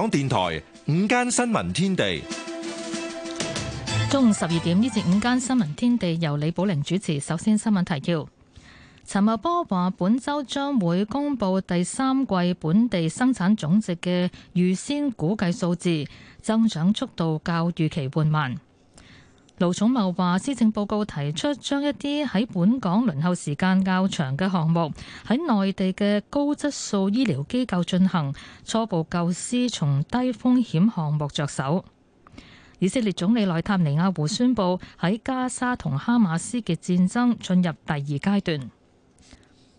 港電台午間新聞天地，中午十二點，呢節午間新聞天地由李寶玲主持。首先新聞提要：陳茂波話，本周將會公布第三季本地生產總值嘅預先估計數字，增長速度較預期緩慢。盧寵茂話，施政報告提出將一啲喺本港輪候時間較長嘅項目喺內地嘅高質素醫療機構進行初步構思，從低風險項目着手。以色列總理內塔尼亞胡宣布喺加沙同哈馬斯嘅戰爭進入第二階段。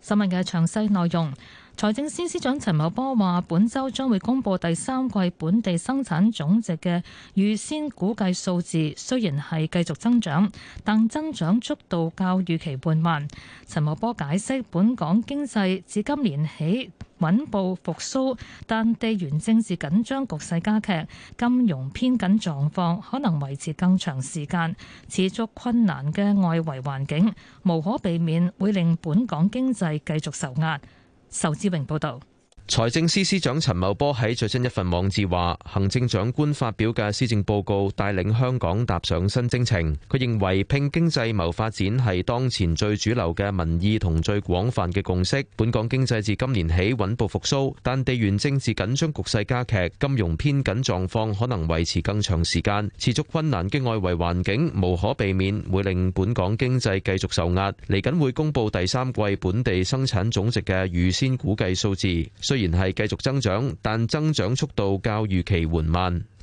新聞嘅詳細內容。財政司司長陳茂波話，本週將會公佈第三季本地生產總值嘅預先估計數字，雖然係繼續增長，但增長速度較預期緩慢。陳茂波解釋，本港經濟自今年起穩步復甦，但地緣政治緊張局勢加劇，金融偏緊狀況可能維持更長時間，持續困難嘅外圍環境無可避免會令本港經濟繼續受壓。仇志榮報道。財政司司長陳茂波喺最新一份網誌話，行政長官發表嘅施政報告帶領香港踏上新征程。佢認為，拼經濟謀發展係當前最主流嘅民意同最廣泛嘅共識。本港經濟自今年起穩步復蘇，但地緣政治緊張局勢加劇，金融偏緊狀況可能維持更長時間。持續困難嘅外圍環境無可避免會令本港經濟繼續受壓。嚟緊會公布第三季本地生產總值嘅預先估計數字。雖然係繼續增長，但增長速度較預期緩慢。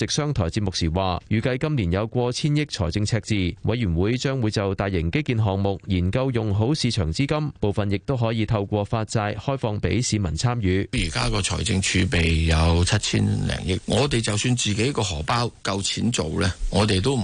直商台節目時話，預計今年有過千億財政赤字，委員會將會就大型基建項目研究用好市場資金，部分亦都可以透過發債開放俾市民參與。而家個財政儲備有七千零億，我哋就算自己個荷包夠錢做呢，我哋都唔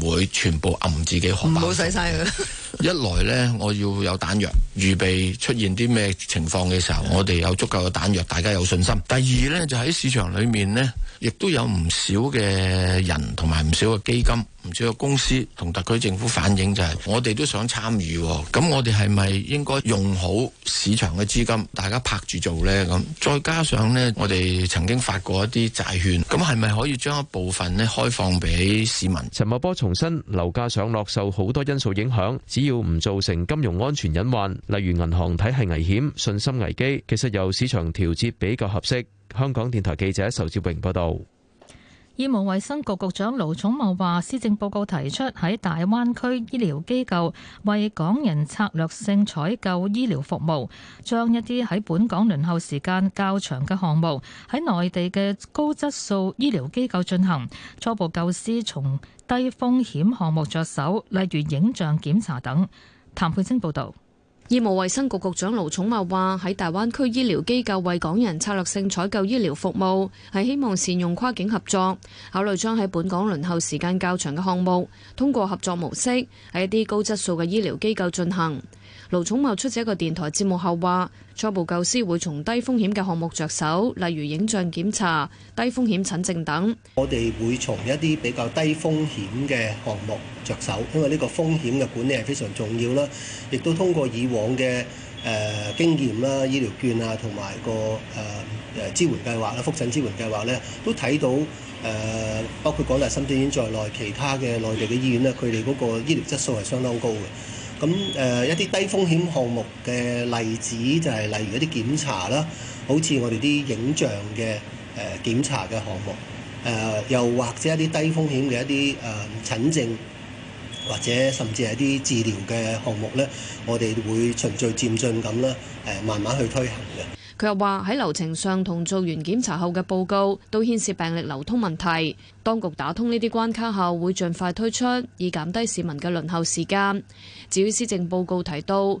會全部揞自己荷包，唔好使曬佢。 一來呢，我要有彈藥，預備出現啲咩情況嘅時候，我哋有足夠嘅彈藥，大家有信心。第二呢，就喺市場裏面呢，亦都有唔少嘅人同埋唔少嘅基金。唔知有公司同特區政府反映就係，我哋都想參與，咁我哋係咪應該用好市場嘅資金，大家拍住做呢？咁再加上呢，我哋曾經發過一啲債券，咁係咪可以將一部分呢開放俾市民？陳茂波重申，樓價上落受好多因素影響，只要唔造成金融安全隱患，例如銀行體系危險、信心危機，其實由市場調節比較合適。香港電台記者仇志榮報道。醫務衛生局局長盧寵茂話，施政報告提出喺大灣區醫療機構為港人策略性採購醫療服務，將一啲喺本港輪候時間較長嘅項目喺內地嘅高質素醫療機構進行，初步構思從低風險項目着手，例如影像檢查等。譚佩清報道。醫務衛生局局長盧寵茂話：喺大灣區醫療機構為港人策略性採購醫療服務，係希望善用跨境合作，考慮將喺本港輪候時間較長嘅項目，通過合作模式喺一啲高質素嘅醫療機構進行。盧寵茂出席一個電台節目後，話，初步構思會從低風險嘅項目着手，例如影像檢查、低風險診症等。我哋會從一啲比較低風險嘅項目着手，因為呢個風險嘅管理係非常重要啦。亦都通過以往嘅誒、呃、經驗啦、醫療券啊同埋個誒誒、呃、支援計劃啦、覆診支援計劃咧，都睇到誒、呃、包括港大深圳醫院在內其他嘅內地嘅醫院咧，佢哋嗰個醫療質素係相當高嘅。咁誒一啲低風險項目嘅例子就係例如一啲檢查啦，好似我哋啲影像嘅誒、呃、檢查嘅項目，誒、呃、又或者一啲低風險嘅一啲誒、呃、診症，或者甚至係啲治療嘅項目咧，我哋會循序漸進咁啦，誒、呃、慢慢去推行嘅。佢又話：喺流程上同做完檢查後嘅報告都牽涉病歷流通問題，當局打通呢啲關卡後，會盡快推出，以減低市民嘅輪候時間。至於施政報告提到，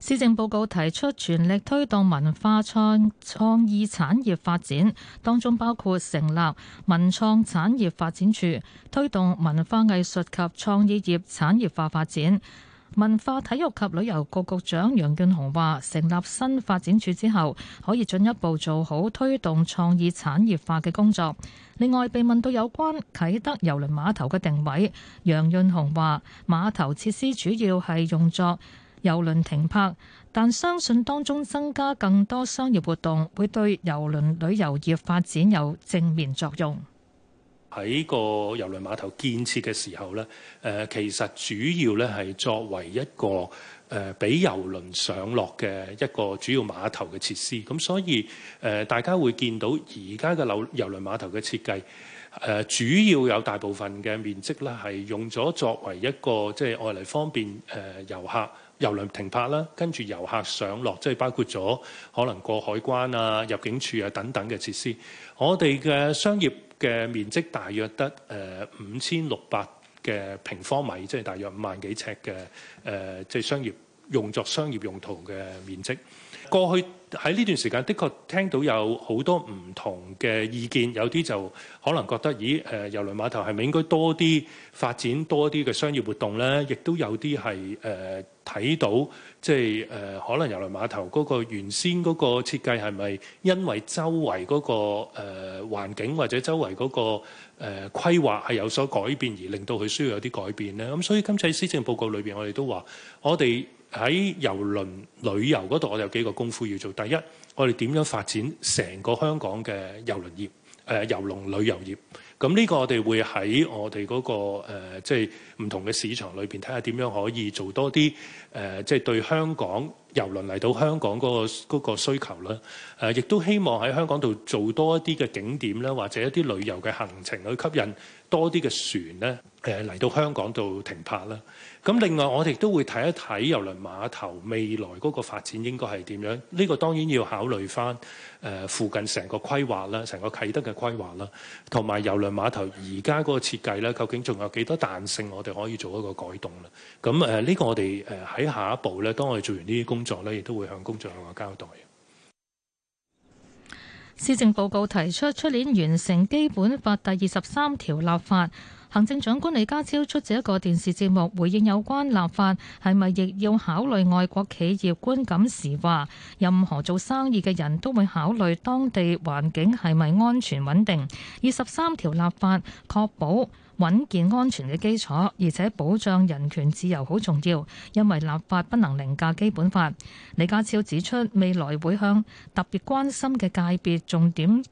施政報告提出全力推動文化創創意產業發展，當中包括成立文創產業發展處，推動文化藝術及創意業產業化發展。文化體育及旅遊局局長楊潤雄話：成立新發展處之後，可以進一步做好推動創意產業化嘅工作。另外，被問到有關啟德郵輪碼頭嘅定位，楊潤雄話：碼頭設施主要係用作郵輪停泊，但相信當中增加更多商業活動，會對郵輪旅遊業發展有正面作用。喺個郵輪碼頭建設嘅時候咧，誒其實主要咧係作為一個誒俾郵輪上落嘅一個主要碼頭嘅設施。咁所以誒，大家會見到而家嘅樓郵輪碼頭嘅設計誒，主要有大部分嘅面積咧係用咗作為一個即係、就是、外嚟方便誒遊客。遊輪停泊啦，跟住遊客上落，即係包括咗可能過海關啊、入境處啊等等嘅設施。我哋嘅商業嘅面積大約得誒五千六百嘅平方米，即係大約五萬幾尺嘅誒，即係商業用作商業用途嘅面積。過去喺呢段時間的確聽到有好多唔同嘅意見，有啲就可能覺得，咦？誒郵輪碼頭係咪應該多啲發展多啲嘅商業活動咧？亦都有啲係誒睇到，即係誒、呃、可能郵輪碼頭嗰個原先嗰個設計係咪因為周圍嗰、那個誒、呃、環境或者周圍嗰、那個誒、呃、規劃係有所改變，而令到佢需要有啲改變咧？咁所以今次施政報告裏邊，我哋都話我哋。喺遊輪旅遊嗰度，我哋有幾個功夫要做。第一，我哋點樣發展成個香港嘅遊輪業、誒遊輪旅遊業？咁呢個我哋會喺我哋嗰、那個即係唔同嘅市場裏邊，睇下點樣可以做多啲誒，即、呃、係、就是、對香港遊輪嚟到香港嗰、那個那個需求啦。誒、呃，亦都希望喺香港度做多一啲嘅景點啦，或者一啲旅遊嘅行程去吸引多啲嘅船咧，誒、呃、嚟到香港度停泊啦。呃咁另外我哋都會睇一睇郵輪碼頭未來嗰個發展應該係點樣？呢個當然要考慮翻誒附近成個規劃啦、成個啟德嘅規劃啦，同埋郵輪碼頭而家嗰個設計咧，究竟仲有幾多彈性，我哋可以做一個改動啦。咁誒呢個我哋誒喺下一步咧，當我哋做完呢啲工作咧，亦都會向公眾有個交代。施政報告提出出年完成基本法第二十三條立法，行政長官李家超出席一個電視節目回應有關立法係咪亦要考慮外國企業觀感時話：任何做生意嘅人都會考慮當地環境係咪安全穩定。二十三條立法確保穩健安全嘅基礎，而且保障人權自由好重要，因為立法不能凌駕基本法。李家超指出，未來會向特別關心嘅界別重點。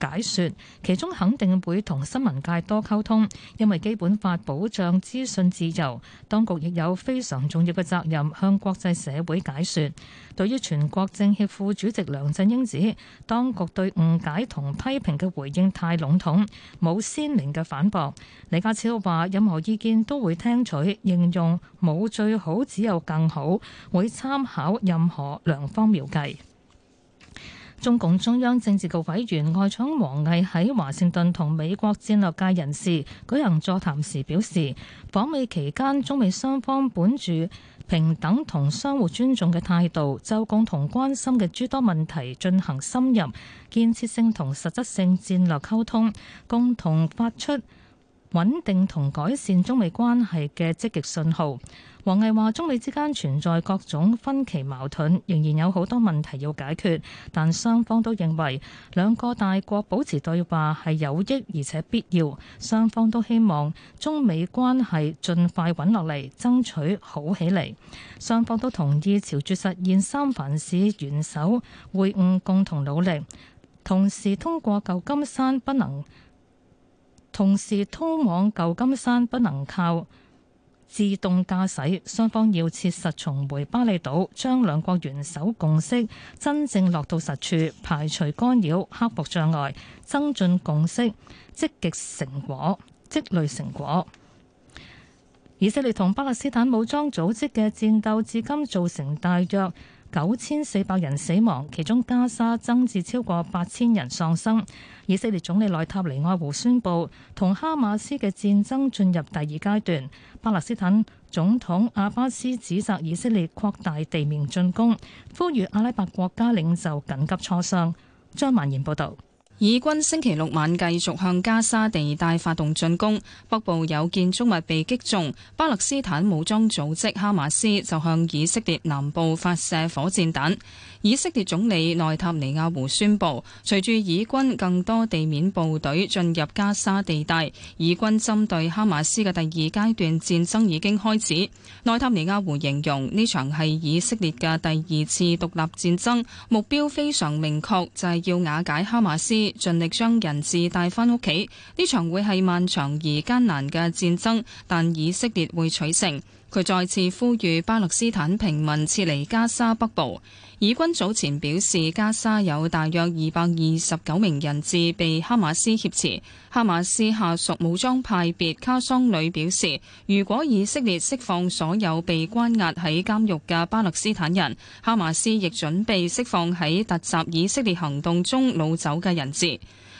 解說其中肯定會同新聞界多溝通，因為基本法保障資訊自由，當局亦有非常重要嘅責任向國際社會解說。對於全國政協副主席梁振英指，當局對誤解同批評嘅回應太籠統，冇鮮明嘅反駁，李家超話任何意見都會聽取，形容冇最好，只有更好，會參考任何良方妙計。中共中央政治局委員外長王毅喺華盛頓同美國戰略界人士舉行座談時表示，訪美期間，中美雙方本住平等同相互尊重嘅態度，就共同關心嘅諸多問題進行深入建設性同實質性戰略溝通，共同發出穩定同改善中美關係嘅積極信號，王毅話：中美之間存在各種分歧矛盾，仍然有好多問題要解決，但雙方都認為兩個大國保持對話係有益而且必要。雙方都希望中美關係盡快穩落嚟，爭取好起嚟。雙方都同意朝住實現三藩市元首會晤共同努力，同時通過舊金山不能。同時，通往舊金山不能靠自動駕駛，雙方要切實重回巴厘島，將兩國元首共識真正落到實處，排除干擾、克服障礙，增進共識，積極成果、積累成果。以色列同巴勒斯坦武裝組織嘅戰鬥，至今造成大約九千四百人死亡，其中加沙增至超過八千人喪生。以色列總理內塔尼亞胡宣布，同哈馬斯嘅戰爭進入第二階段。巴勒斯坦總統阿巴斯指責以色列擴大地面進攻，呼籲阿拉伯國家領袖緊急磋商。張曼賢報道。以軍星期六晚繼續向加沙地帶發動進攻，北部有建築物被擊中。巴勒斯坦武裝組織哈馬斯就向以色列南部發射火箭彈。以色列總理內塔尼亞胡宣布，隨住以軍更多地面部隊進入加沙地帶，以軍針對哈馬斯嘅第二階段戰爭已經開始。內塔尼亞胡形容呢場係以色列嘅第二次獨立戰爭，目標非常明確，就係要瓦解哈馬斯。盡力將人質帶翻屋企。呢場會係漫長而艱難嘅戰爭，但以色列會取勝。佢再次呼籲巴勒斯坦平民撤離加沙北部。以軍早前表示，加沙有大約二百二十九名人質被哈馬斯挾持。哈馬斯下屬武裝派別卡桑旅表示，如果以色列釋放所有被關押喺監獄嘅巴勒斯坦人，哈馬斯亦準備釋放喺突襲以色列行動中擄走嘅人質。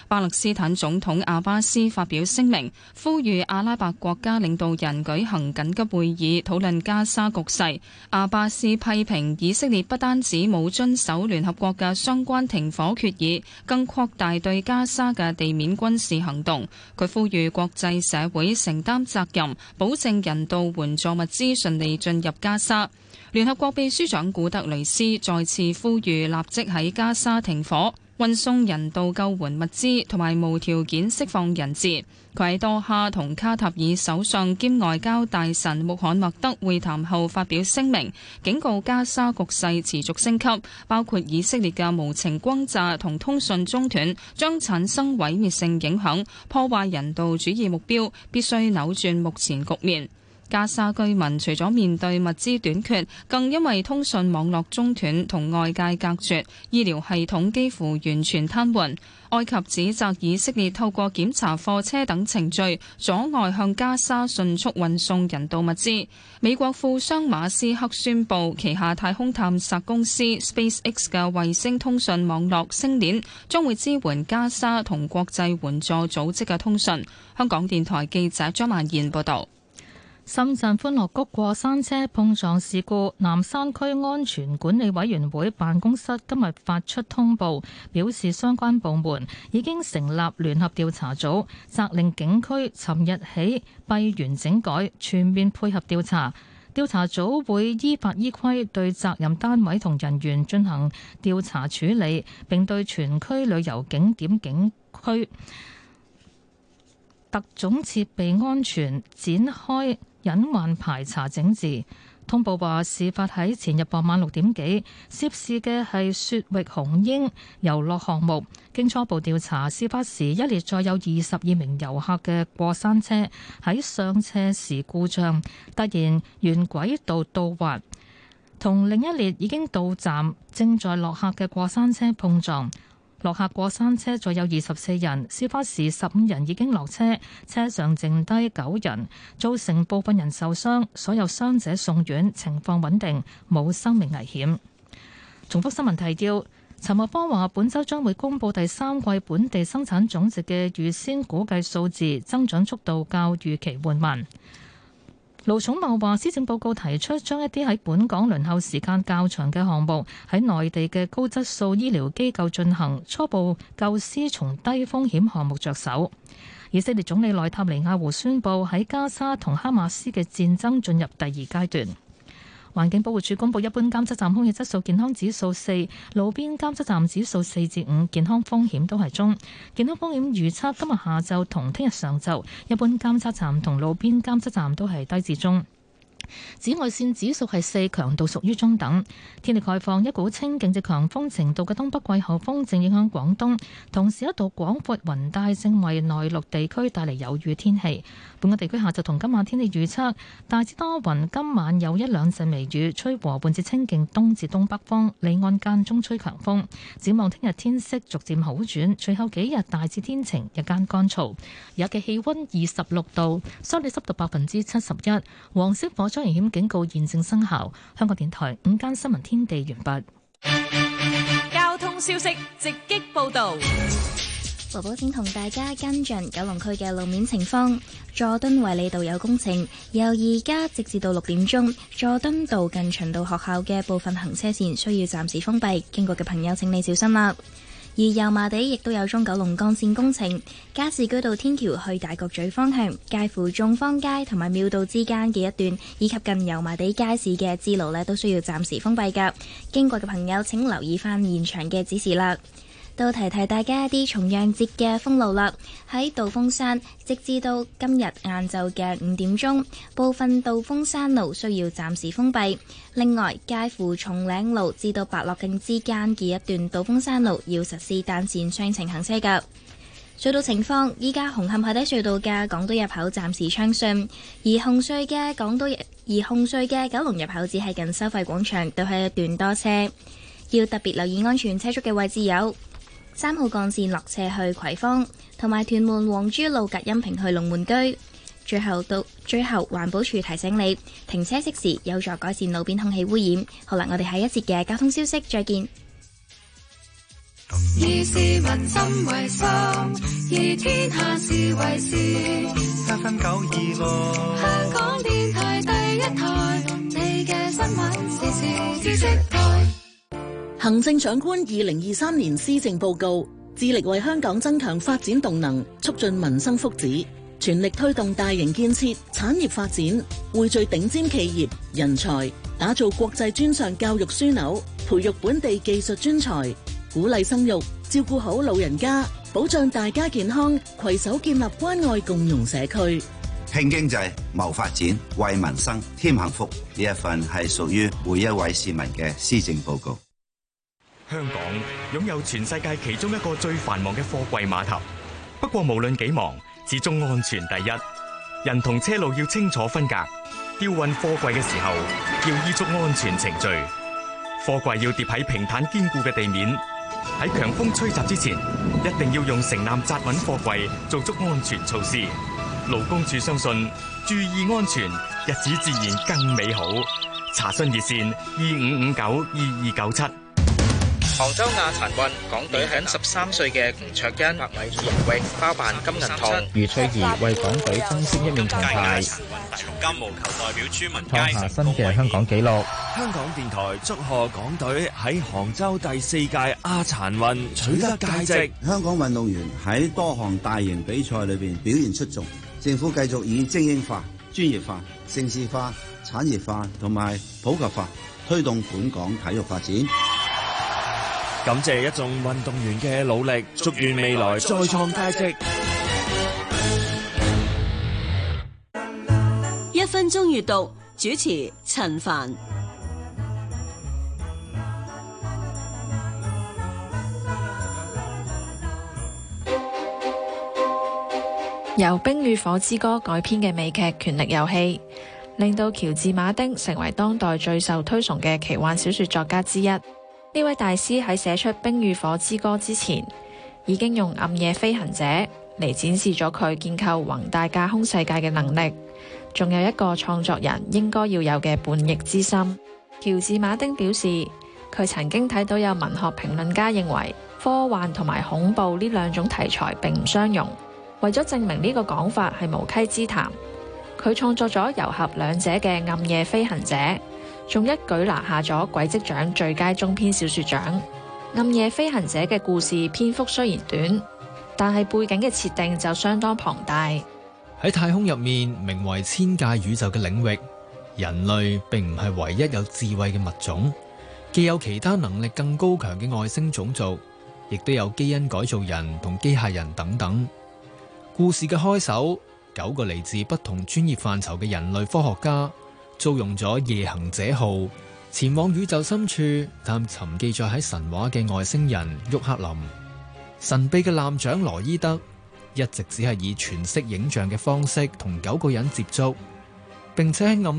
巴勒斯坦總統阿巴斯發表聲明，呼籲阿拉伯國家領導人舉行緊急會議，討論加沙局勢。阿巴斯批評以色列不單止冇遵守聯合國嘅相關停火決議，更擴大對加沙嘅地面軍事行動。佢呼籲國際社會承擔責任，保證人道援助物資順利進入加沙。聯合國秘書長古特雷斯再次呼籲立即喺加沙停火。運送人道救援物資同埋無條件釋放人質。佢喺多哈同卡塔爾首相兼外交大臣穆罕默德會談後發表聲明，警告加沙局勢持續升級，包括以色列嘅無情轟炸同通訊中斷，將產生毀滅性影響，破壞人道主義目標，必須扭轉目前局面。加沙居民除咗面對物資短缺，更因為通訊網絡中斷同外界隔絕，醫療系統幾乎完全癱瘓。埃及指責以色列透過檢查貨車等程序，阻礙向加沙迅速運送人道物資。美國富商馬斯克宣布，旗下太空探索公司 SpaceX 嘅衛星通訊網絡星鏈將會支援加沙同國際援助組織嘅通訊。香港電台記者張曼燕報道。深圳歡樂谷過山車碰撞事故，南山區安全管理委員會辦公室今日發出通報，表示相關部門已經成立聯合調查組，責令景區尋日起閉園整改，全面配合調查。調查組會依法依規對責任單位同人員進行調查處理，並對全區旅遊景點景區特種設備安全展開隱患排查整治，通報話事發喺前日傍晚六點幾，涉事嘅係雪域雄鷹遊樂項目。經初步調查，事發時一列載有二十二名遊客嘅過山車喺上車時故障，突然沿軌道倒滑，同另一列已經到站正在落客嘅過山車碰撞。落客過山車，載有二十四人。事發時，十五人已經落車，車上剩低九人，造成部分人受傷。所有傷者送院，情況穩定，冇生命危險。重複新聞提要：陳茂波話，本週將會公佈第三季本地生產總值嘅預先估計數字，增長速度較預期緩慢。盧寵茂話，施政報告提出將一啲喺本港輪候時間較長嘅項目，喺內地嘅高質素醫療機構進行初步構思，從低風險項目着手。以色列總理內塔尼亞胡宣佈喺加沙同哈馬斯嘅戰爭進入第二階段。環境保護署公布，一般監測站空氣質素健康指數四，路邊監測站指數四至五，5，健康風險都係中。健康風險預測今日下晝同聽日上晝，一般監測站同路邊監測站都係低至中。紫外線指數係四，強度屬於中等。天氣概況：一股清勁至強風程度嘅東北季候風正影響廣東，同時一道廣闊雲帶正為內陸地區帶嚟有雨天氣。本港地區下晝同今晚天氣預測大致多雲，今晚有一兩陣微雨，吹和緩至清勁東至東北風，離岸間中吹強風。展望聽日天，天色逐漸好轉，隨後幾日大致天晴，日間乾燥。日嘅氣溫二十六度，相對濕度百分之七十一，黃色火。風險警告現正生效，香港電台午間新聞天地完畢。交通消息直擊報道。寶寶請，同大家跟進九龍區嘅路面情況。佐敦惠利道有工程，由而家直至到六點鐘，佐敦道近長道學校嘅部分行車線需要暫時封閉，經過嘅朋友請你小心啦。而油麻地亦都有中九龍幹綫工程，加士居道天橋去大角咀方向介乎眾坊街同埋廟道之間嘅一段，以及近油麻地街市嘅支路咧，都需要暫時封閉㗎。經過嘅朋友，請留意返現場嘅指示啦。都提提大家一啲重陽節嘅封路啦。喺道風山，直至到今日晏晝嘅五點鐘，部分道風山路需要暫時封閉。另外，介乎松嶺路至到白樂徑之間嘅一段道風山路要實施單線雙程行車噶隧道情況，依家紅磡海底隧道嘅港島入口暫時暢順，而紅隧嘅港島而紅隧嘅九龍入口只係近收費廣場都係一段多車，要特別留意安全車速嘅位置有。三號幹線落斜去葵芳，同埋屯門皇珠路隔音屏去龍門居，最後到最後環保署提醒你，停車熄匙有助改善路邊空氣污染。好啦，我哋下一節嘅交通消息再見。行政長官二零二三年施政報告，致力為香港增強發展動能，促進民生福祉，全力推動大型建設、產業發展，匯聚頂尖企業人才，打造國際專上教育樞紐，培育本地技術專才，鼓勵生育，照顧好老人家，保障大家健康，攜手建立關愛共融社區，拼經濟、謀發展、為民生添幸福。呢一份係屬於每一位市民嘅施政報告。香港擁有全世界其中一個最繁忙嘅貨櫃碼頭。不過無論幾忙，始終安全第一。人同車路要清楚分隔。吊運貨櫃嘅時候，要依足安全程序。貨櫃要疊喺平坦堅固嘅地面。喺強風吹襲之前，一定要用繩纜紮穩貨櫃，做足安全措施。勞工處相信，注意安全，日子自然更美好。查詢熱線：二五五九二二九七。杭州亞殘運，港隊喺十三歲嘅吳卓恩、欣、吳榮包辦金銀銅。余翠怡為港隊增先一面銅牌。金毛球代表朱文佳創下新嘅香港紀錄。香港電台祝賀港隊喺杭州第四屆亞殘運取得佳績。香港運動員喺多項大型比賽裏邊表現出眾。政府繼續以精英化、專業化、城市化、產業化同埋普及化推動本港體育發展。感謝一眾運動員嘅努力，祝願未來再創佳績。一分鐘閱讀，主持陳凡。由《冰與火之歌》改編嘅美劇《權力遊戲》，令到喬治·馬丁成為當代最受推崇嘅奇幻小說作家之一。呢位大師喺寫出《冰與火之歌》之前，已經用《暗夜飛行者》嚟展示咗佢建構宏大架空世界嘅能力，仲有一個創作人應該要有嘅叛逆之心。喬治·馬丁表示，佢曾經睇到有文學評論家認為科幻同埋恐怖呢兩種題材並唔相容，為咗證明呢個講法係無稽之談，佢創作咗糅合兩者嘅《暗夜飛行者》。仲一舉拿下咗鬼跡獎最佳中篇小說獎。《暗夜飛行者》嘅故事篇幅雖然短，但係背景嘅設定就相當龐大。喺太空入面，名為千界宇宙嘅領域，人類並唔係唯一有智慧嘅物種，既有其他能力更高強嘅外星種族，亦都有基因改造人同機械人等等。故事嘅開首，九個嚟自，不同專業範疇嘅人類科學家，租用咗《夜行者號》前往宇宙深處探尋記載喺神話嘅外星人沃克林，神秘嘅艦長羅伊德一直只係以全息影像嘅方式同九個人接觸，並且喺暗。